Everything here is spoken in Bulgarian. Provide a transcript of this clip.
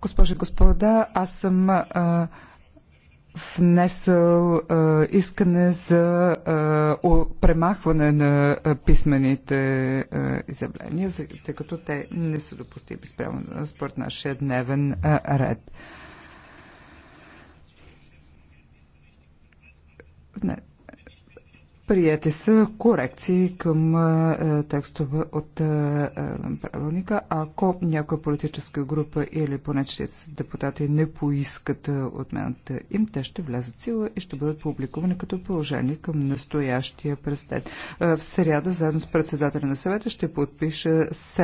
Госпожи и господа, аз съм а, внесъл а, искане за а, о, премахване на а, писмените а, изявления, тъй като те не са допустими спрямо според нашия дневен а, ред. Приети са корекции към текстове от правилника. Ако някоя политическа група или поне 40 депутати не поискат отмената им, те ще влязат сила и ще бъдат публикувани като положение към настоящия президент. В сряда, заедно с председателя на съвета, ще подпиша 7